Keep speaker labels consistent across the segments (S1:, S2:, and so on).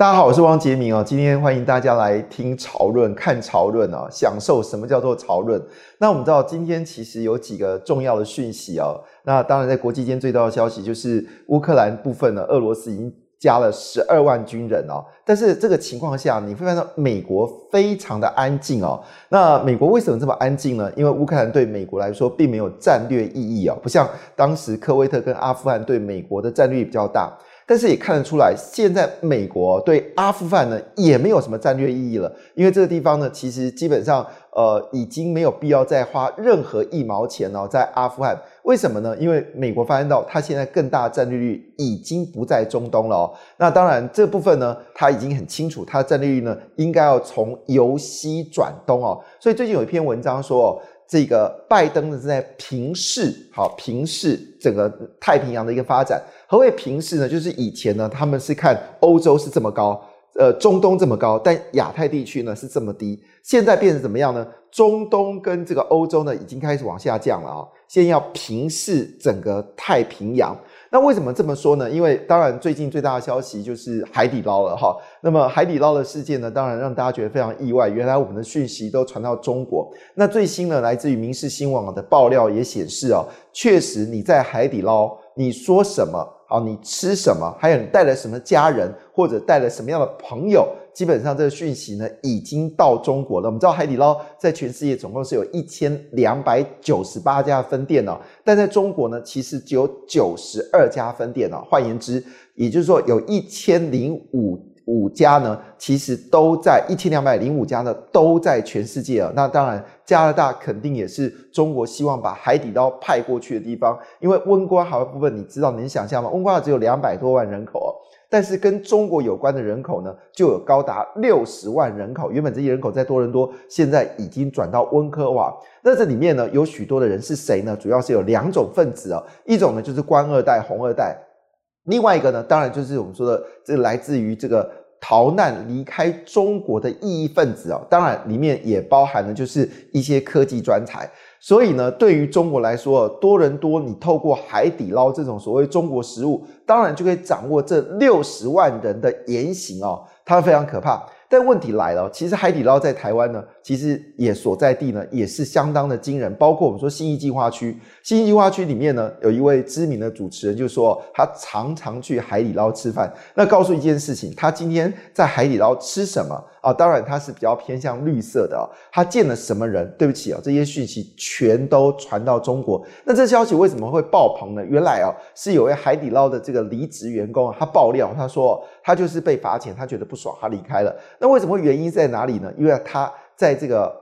S1: 大家好，我是汪潔民哦。今天歡迎大家來聽潮論，看潮論哦，享受什麼叫做潮論？那我們知道今天其實有幾個重要的訊息哦。那當然，在國際間最大的消息就是烏克蘭部分呢，俄羅斯已經加了十二萬軍人哦。但是這個情況下，你會看到美國非常的安靜哦。那美國為什麼這麼安靜呢？因為烏克蘭對美國來說並沒有戰略意義哦，不像當時科威特跟阿富汗對美國的戰略比較大。但是也看得出來，現在美國對阿富汗呢也沒有什麼戰略意義了，因為這個地方呢其實基本上呃已經沒有必要再花任何一毛錢哦。在阿富汗。為什麼呢？因為美國發現到它現在更大的戰略域已經不在中東了。哦。那當然這部分呢，他已經很清楚，它的戰略域呢應該要從由西轉東哦。所以最近有一篇文章說，哦，這個拜登呢正在平視，好，平視整個太平洋的一個發展。何謂平視呢？就是以前呢，他們是看歐洲是這麼高，呃，中東這麼高，但亞太地區呢是這麼低。現在變成怎麼樣呢？中東跟這個歐洲呢已經開始往下降了啊、喔！先要平視整個太平洋。那為什麼這麼說呢？因為當然最近最大的消息就是海底撈了哈、喔。那麼海底撈的事件呢，當然讓大家覺得非常意外。原來我們的訊息都傳到中國。那最新呢，來自於《民視新網》的爆料也顯示啊、喔，確實你在海底撈，你說什麼？哦，你吃什麼？還有你帶來什麼家人，或者帶來什麼樣的朋友？基本上這個訊息呢，已經到中國了。我們知道海底撈在全世界總共是有一千兩百九十八家分店哦，但在中國呢，其實只有九十二家分店哦。換言之，也就是說，有一千零五。五家呢，其實都在一千兩百零五家呢，都在全世界啊、喔。那當然，加拿大肯定也是中國希望把海底撈派過去的地方，因為溫哥華的部分你知道能你，你想象嗎？溫哥華只有兩百多萬人口，喔，但是跟中國有關的人口呢，就有高達六十萬人口。原本這些人口在多倫多，現在已經轉到溫哥華。那這裡面呢，有許多的人是誰呢？主要是有兩種分子哦，喔，一種呢就是官二代、紅二代，另外一個呢，當然就是我們說的這來自於這個。逃難離開中國的異議分子哦，當然裡面也包含了就是一些科技專才，所以呢，對於中國來說，多倫多，你透過海底撈這種所謂中國食物，當然就可以掌握這六十萬人的言行哦，它非常可怕。但問題來了，其實海底撈在台灣呢，其實也所在地呢也是相當的驚人。包括我們說信義計畫區，信義計畫區裡面呢，有一位知名的主持人就說他常常去海底撈吃飯。那告訴一件事情，他今天在海底撈吃什麼啊？當然他是比較偏向綠色的。他見了什麼人？對不起啊，這些訊息全都傳到中國。那這消息為什麼會爆棚呢？原來啊，是有位海底撈的這個離職員工啊，他爆料，他說他就是被罰錢，他覺得不爽，他離開了。那為什麼原因在哪裡呢？因為他在這個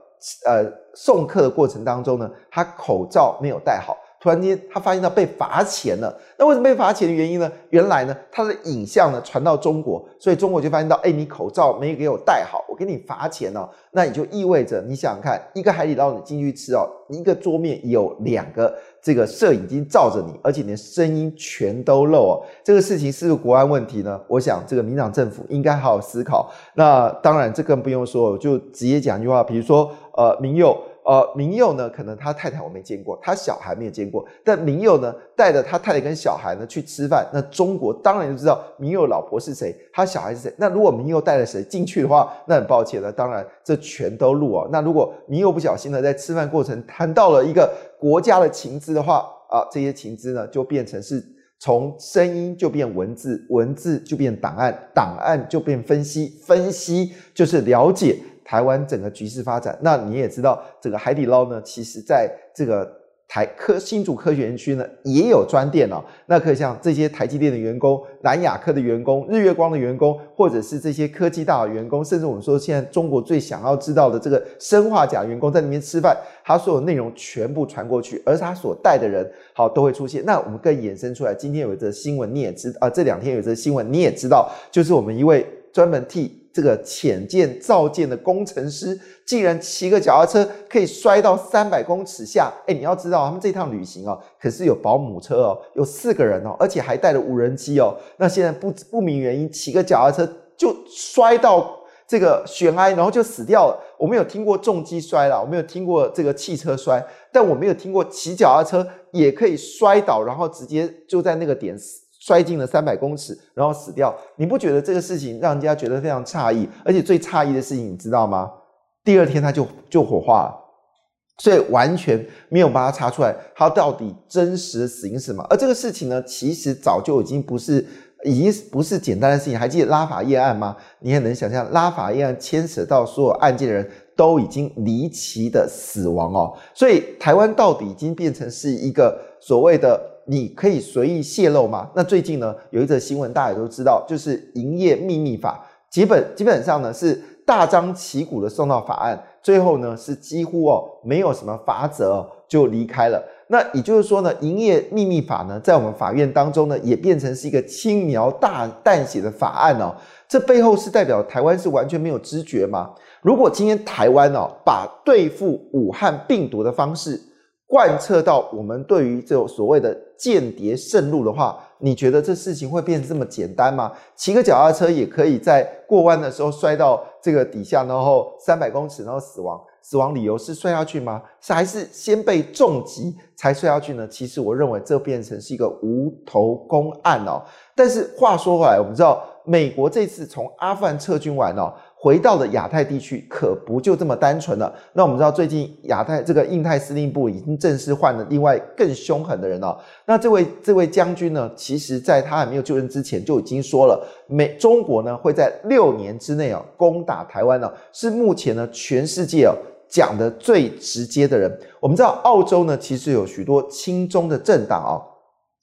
S1: 呃，送客的過程當中呢，他口罩沒有戴好。突然間，他發現到被罰錢了。那為什麼被罰錢的原因呢？原來呢，他的影像呢傳到中國，所以中國就發現到，哎、欸，你口罩沒有給我戴好，我給你罰錢哦。那也就意味着，你想想看，一個海底撈你進去吃哦，一個桌面有兩個這個攝影機照着你，而且連聲音全都漏哦。這個事情是不是國安問題呢？我想，這個民進黨政府應該好好思考。那當然，這更不用說，我就直接講一句話，比如說，呃，民幼。呃，明佑呢，可能他太太我沒見過，他小孩沒有見過。但民佑呢，帶着他太太跟小孩呢去吃飯，那中國當然就知道民佑老婆是誰，他小孩是誰。那如果民佑帶着誰進去的話，那很抱歉的，當然這全都錄啊、哦。那如果民佑不小心呢，在吃飯過程談到了一個國家的情資的話，啊、呃，這些情資呢就變成是從聲音就變文字，文字就變檔案，檔案就變分析，分析就是了解。台灣整個局勢發展，那你也知道，這個海底撈呢，其實在這個台科新竹科學園區呢也有專店哦。那可以像這些台積電的員工、南亞科的員工、日月光的員工，或者是這些科技大佬員工，甚至我們說現在中國最想要知道的這個生化甲員工，在那邊吃飯，他所有內容全部傳過去，而他所帶的人，好都會出現。那我們更衍生出來，今天有一則新聞你也知啊，這兩天有一則新聞你也知道，就是我們一位專門替。這個潛艦造艦的工程師竟然騎個腳踏車可以摔到三百公尺下。哎、欸，你要知道他們這趟旅行哦，可是有保姆車哦，有四個人哦，而且還帶了無人機哦。那現在不不明原因，騎個腳踏車就摔到這個懸崖，然後就死掉了。我沒有聽過重機摔了，我沒有聽過這個汽車摔，但我沒有聽過騎腳踏車也可以摔倒，然後直接就在那個點死。摔進了三百公尺，然後死掉。你不覺得這個事情讓人家覺得非常詫異？而且最詫異的事情，你知道嗎？第二天他就就火化了，所以完全沒有把他查出來，他到底真實的死因是什麼？而這個事情呢，其實早就已經不是已經不是簡單的事情。還記得拉法葉案嗎？你也能想象，拉法葉案牽扯到所有案件的人都已經離奇的死亡哦。所以台灣到底已經變成是一個所謂的。你可以隨意洩露嗎？那最近呢，有一則新聞大家也都知道，就是《營業秘密法》基本基本上呢是大張旗鼓地送到法案，最後呢是幾乎哦沒有什麼罰則，哦、就離開了。那也就是說呢，《營業秘密法呢》呢在我們法院當中呢也變成是一個輕描大淡寫的法案哦。這背後是代表台灣是完全沒有知覺嗎？如果今天台灣哦把對付武漢病毒的方式，貫徹到我們對於這種所謂的間諜滲入的話，你覺得這事情會變成這麼簡單嗎？騎個腳踏車也可以在過彎的時候摔到這個底下，然後三百公尺，然後死亡，死亡理由是摔下去嗎？是還是先被重擊才摔下去呢？其實我認為這變成是一個無頭公案哦。但是話說回來，我們知道美國這次從阿富汗撤軍完哦。回到了亞太地區，可不就這麼單純了？那我們知道，最近亞太這個印太司令部已經正式換了另外更兇狠的人了，哦。那這位這位將軍呢？其實，在他還沒有就任之前，就已經說了，美中國呢會在六年之內啊、哦、攻打台灣呢、哦，是目前呢全世界啊講的最直接的人。我們知道，澳洲呢其實有許多親中的政黨哦。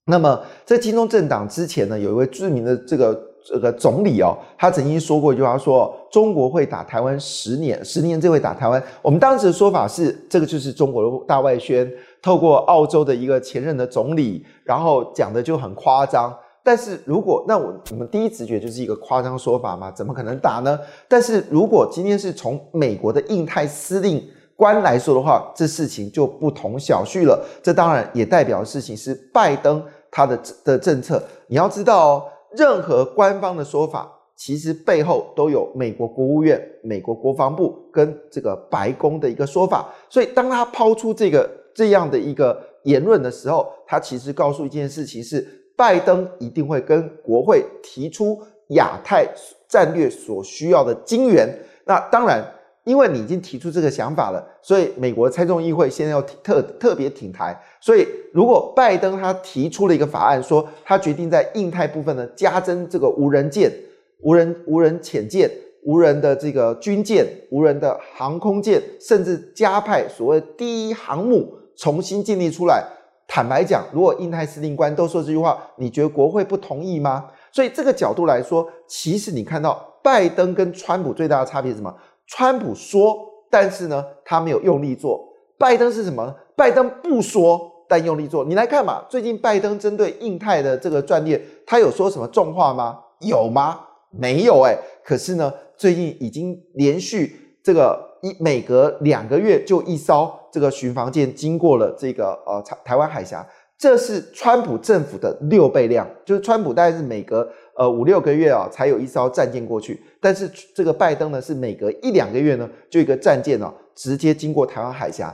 S1: 那麼，在親中政黨之前呢，有一位著名的這個。這個總理哦，他曾經說過一句話說，說中國會打台灣十年，十年之後會打台灣。我們當時的說法是，這個就是中國的大外宣，透過澳洲的一個前任的總理，然後講的就很誇張。但是如果那我我們第一直覺就是一個誇張說法嘛，怎麼可能打呢？但是如果今天是從美國的印太司令官來說的話，這事情就不同小覷了。這當然也代表的事情是拜登他的的政策。你要知道哦。任何官方的說法，其實背後都有美國國務院、美國國防部跟這個白宮的一個說法。所以，當他拋出這個這樣的一個言論的時候，他其實告訴一件事情是：拜登一定會跟國會提出亞太戰略所需要的金援。那當然。因為你已經提出這個想法了，所以美國參眾議會現在要特特別挺台。所以如果拜登他提出了一個法案，說他決定在印太部分呢加增這個無人艦、無人無人潛艦、無人的這個軍艦、無人的航空艦，甚至加派所謂第一航母重新建立出來。坦白講，如果印太司令官都說這句話，你覺得國會不同意嗎？所以這個角度來說，其實你看到拜登跟川普最大的差別是什麼？川普說，但是呢，他沒有用力做。拜登是什麼呢？拜登不說，但用力做。你來看嘛，最近拜登針對印太的這個戰略，他有說什麼重話嗎？有嗎？沒有哎，欸。可是呢，最近已經連續這個一每隔兩個月就一艘這個巡防艦經過了這個呃台灣海峽，這是川普政府的六倍量，就是川普大概是每隔。呃，五六個月啊，哦，才有一艘戰艦過去。但是這個拜登呢，是每隔一兩個月呢，就一個戰艦呢，哦，直接經過台灣海峽。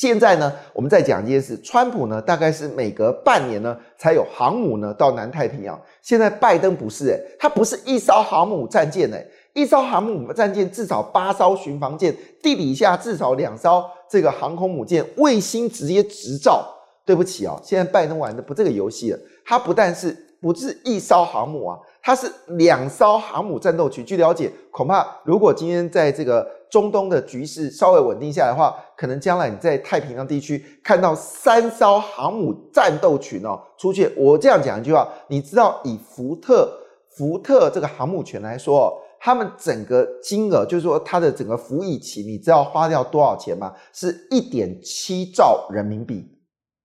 S1: 現在呢，我們再講一件事，川普呢，大概是每隔半年呢，才有航母呢到南太平洋。現在拜登不是誒、欸，他不是一艘航母戰艦誒、欸，一艘航母戰艦，至少八艘巡防艦，地底下至少兩艘這個航空母艦，衛星直接直照。對不起哦，現在拜登玩的不這個遊戲了，他不但是。不是一艘航母啊，它是兩艘航母戰鬥群。據了解，恐怕如果今天在這個中東的局勢稍微穩定下來的話，可能將來你在太平洋地區看到三艘航母戰鬥群哦出現。我這樣講一句話，你知道以福特福特這個航母群來說哦，他們整個金額，就是說它的整個服役期，你知道花掉多少錢嗎？是一點七兆人民幣。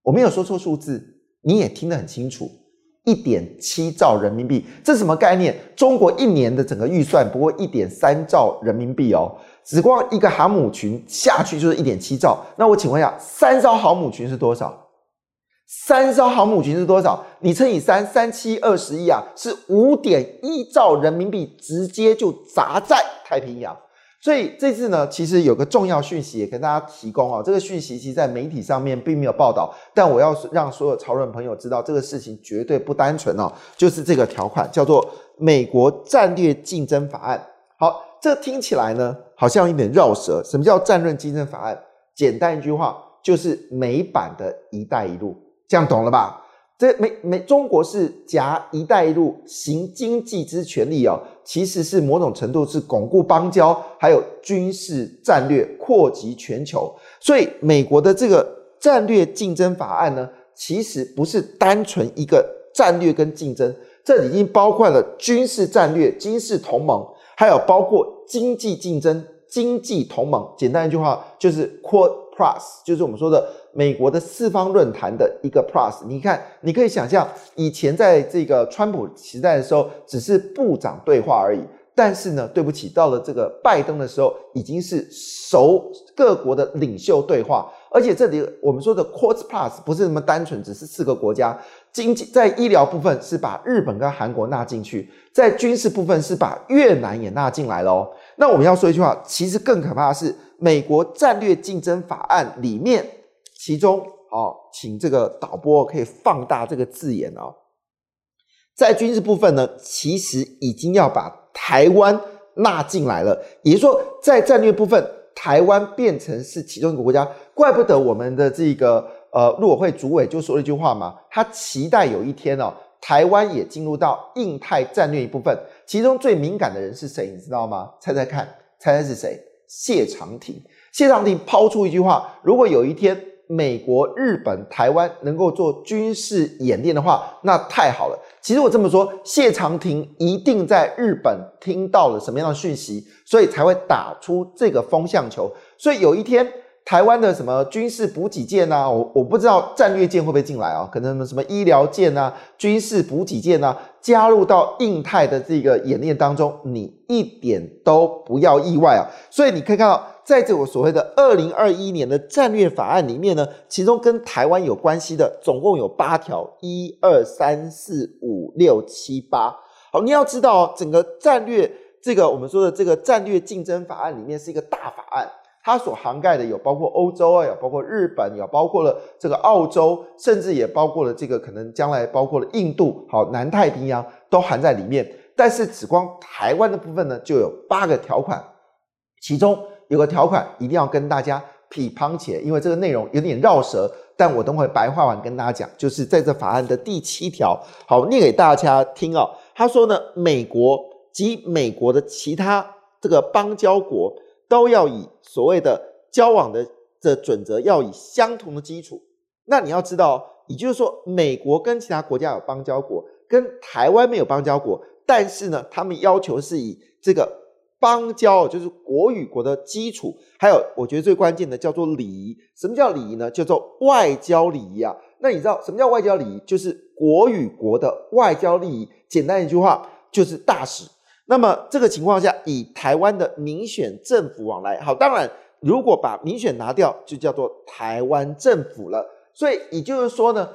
S1: 我沒有說錯數字，你也聽得很清楚。一點七兆人民幣，這是什麼概念？中國一年的整個預算不過一點三兆人民幣哦，只光一個航母群下去就是一點七兆。那我請問一下，三艘航母群是多少？三艘航母群是多少？你乘以三，三七二十一啊，是五點一兆人民幣，直接就砸在太平洋。所以這次呢，其實有個重要訊息也跟大家提供哦，這個訊息其實在媒體上面並沒有報道，但我要讓所有潮人朋友知道，這個事情絕對不單純哦，就是這個條款叫做《美國戰略競爭法案》。好，這個、聽起來呢，好像有點繞舌。什麼叫戰略競爭法案？簡單一句話，就是美版的“一帶一路”，這樣懂了吧？這美美中國是假“一帶一路”行經濟之權利啊、哦，其實是某種程度是鞏固邦交，還有軍事戰略擴及全球。所以美國的這個戰略競爭法案呢，其實不是單純一個戰略跟競爭，這已經包括了軍事戰略、軍事同盟，還有包括經濟競爭、經濟同盟。簡單一句話，就是擴。Plus 就是我們說的美國的四方論壇的一個 Plus，你看，你可以想象，以前在這個川普時代的時候，只是部長對話而已。但是呢，對不起，到了這個拜登的時候，已經是熟各國的領袖對話，而且這裡我們說的 QUAD Plus 不是那麼單純，只是四個國家。經濟在醫療部分是把日本跟韓國納進去，在軍事部分是把越南也納進來了哦，那我們要說一句話，其實更可怕的是美國戰略競爭法案裡面，其中哦，請這個導播可以放大這個字眼哦。在軍事部分呢，其實已經要把台灣納進來了，也就是說，在戰略部分，台灣變成是其中一個國家。怪不得我們的這個呃陸委會主委就說了一句話嘛，他期待有一天哦，台灣也進入到印太戰略一部分。其中最敏感的人是誰，你知道嗎？猜猜看，猜猜是誰？謝長廷。謝長廷拋出一句話：如果有一天。美國、日本、台灣能夠做軍事演練的話，那太好了。其實我這麼說，謝長廷一定在日本聽到了什麼樣的訊息，所以才會打出這個風向球。所以有一天，台灣的什麼軍事補給艦啊，我我不知道戰略艦會不會進來啊，可能什麼醫療艦啊、軍事補給艦啊，加入到印太的這個演練當中，你一點都不要意外啊。所以你可以看到，在這個所謂的二零二一年的戰略法案裡面呢，其中跟台灣有關係的總共有八條，一二三四五六七八。好，你要知道，整個戰略這個我們說的這個戰略競爭法案裡面是一個大法案，它所涵蓋的有包括歐洲啊，有包括日本，有包括了這個澳洲，甚至也包括了這個可能將來包括了印度，好，南太平洋都含在裡面。但是只光台灣的部分呢，就有八個條款，其中。有個條款一定要跟大家批判起來，因為這個內容有點繞舌，但我等會白話完跟大家講，就是在這法案的第七條，好，念給大家聽啊、哦。他說呢，美國及美國的其他這個邦交國都要以所謂的交往的這準則，要以相同的基礎。那你要知道，也就是說，美國跟其他國家有邦交國，跟台灣沒有邦交國，但是呢，他們要求是以這個。邦交就是國與國的基礎，還有我覺得最關鍵的叫做禮儀。什麼叫禮儀呢？叫做外交禮儀啊。那你知道什麼叫外交禮儀？就是國與國的外交禮儀。簡單一句話就是大使。那麼這個情況下，以台灣的民選政府往來，好，當然如果把民選拿掉，就叫做台灣政府了。所以也就是說呢，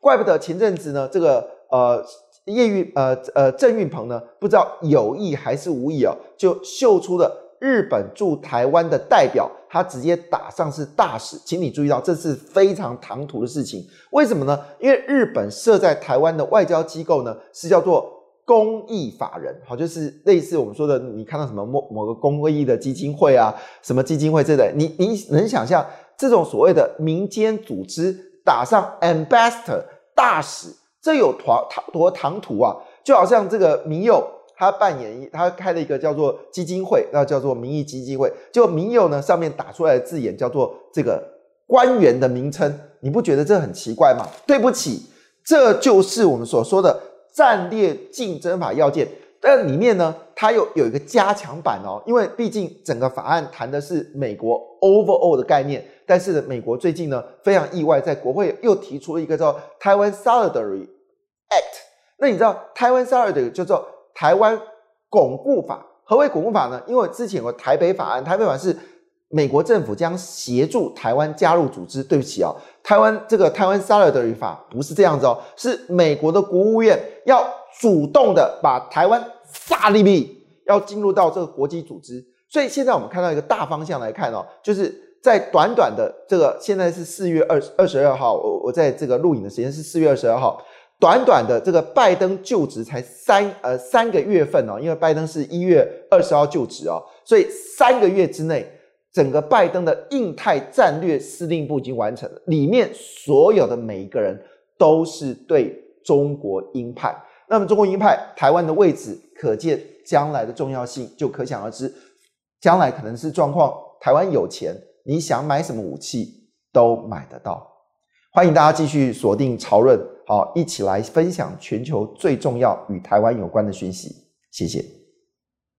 S1: 怪不得前陣子呢，這個呃。葉玉，呃呃鄭運鵬呢，不知道有意還是無意啊、哦，就秀出了日本駐台灣的代表，他直接打上是大使，請你注意到這是非常唐突的事情。為什麼呢？因為日本設在台灣的外交機構呢，是叫做公益法人，好，就是類似我們說的，你看到什麼某某個公益的基金會啊，什麼基金會之類，你你能想象這種所謂的民間組織打上 ambassador 大使？這有唐唐多唐突啊，就好像這個民友他扮演，他開了一個叫做基金會，那叫做民意基金會。就民友呢，上面打出來的字眼叫做這個官員的名稱，你不覺得這很奇怪嗎？對不起，這就是我們所說的戰略競爭法要件。但裡面呢，它又有，有一個加強版哦，因為畢竟整個法案談的是美國 overall 的概念。但是呢，美國最近呢非常意外，在國會又提出了一個叫台灣 Solidarity Act。那你知道台灣 Solidarity 叫做台灣鞏固法？何為鞏固法呢？因為之前有個台北法案，台北法案是美國政府將協助台灣加入組織。對不起哦，台灣這個台灣 Solidarity 法不是這樣子哦，是美國的國務院要主動的把台灣大力力要進入到這個國際組織。所以現在我們看到一個大方向來看哦，就是。在短短的這個，現在是四月二十二號，我我在這個錄影的時間是四月二十二號。短短的這個拜登就職才三呃三個月份哦，因為拜登是一月二十號就職哦，所以三個月之內，整個拜登的印太戰略司令部已經完成了，裡面所有的每一個人都是對中國鷹派。那麼中國鷹派台灣的位置，可見將來的重要性就可想而知，將來可能是狀況，台灣有錢。你想買什麼武器都買得到，歡迎大家繼續鎖定潮論，好，一起來分享全球最重要與台灣有關的訊息，謝謝。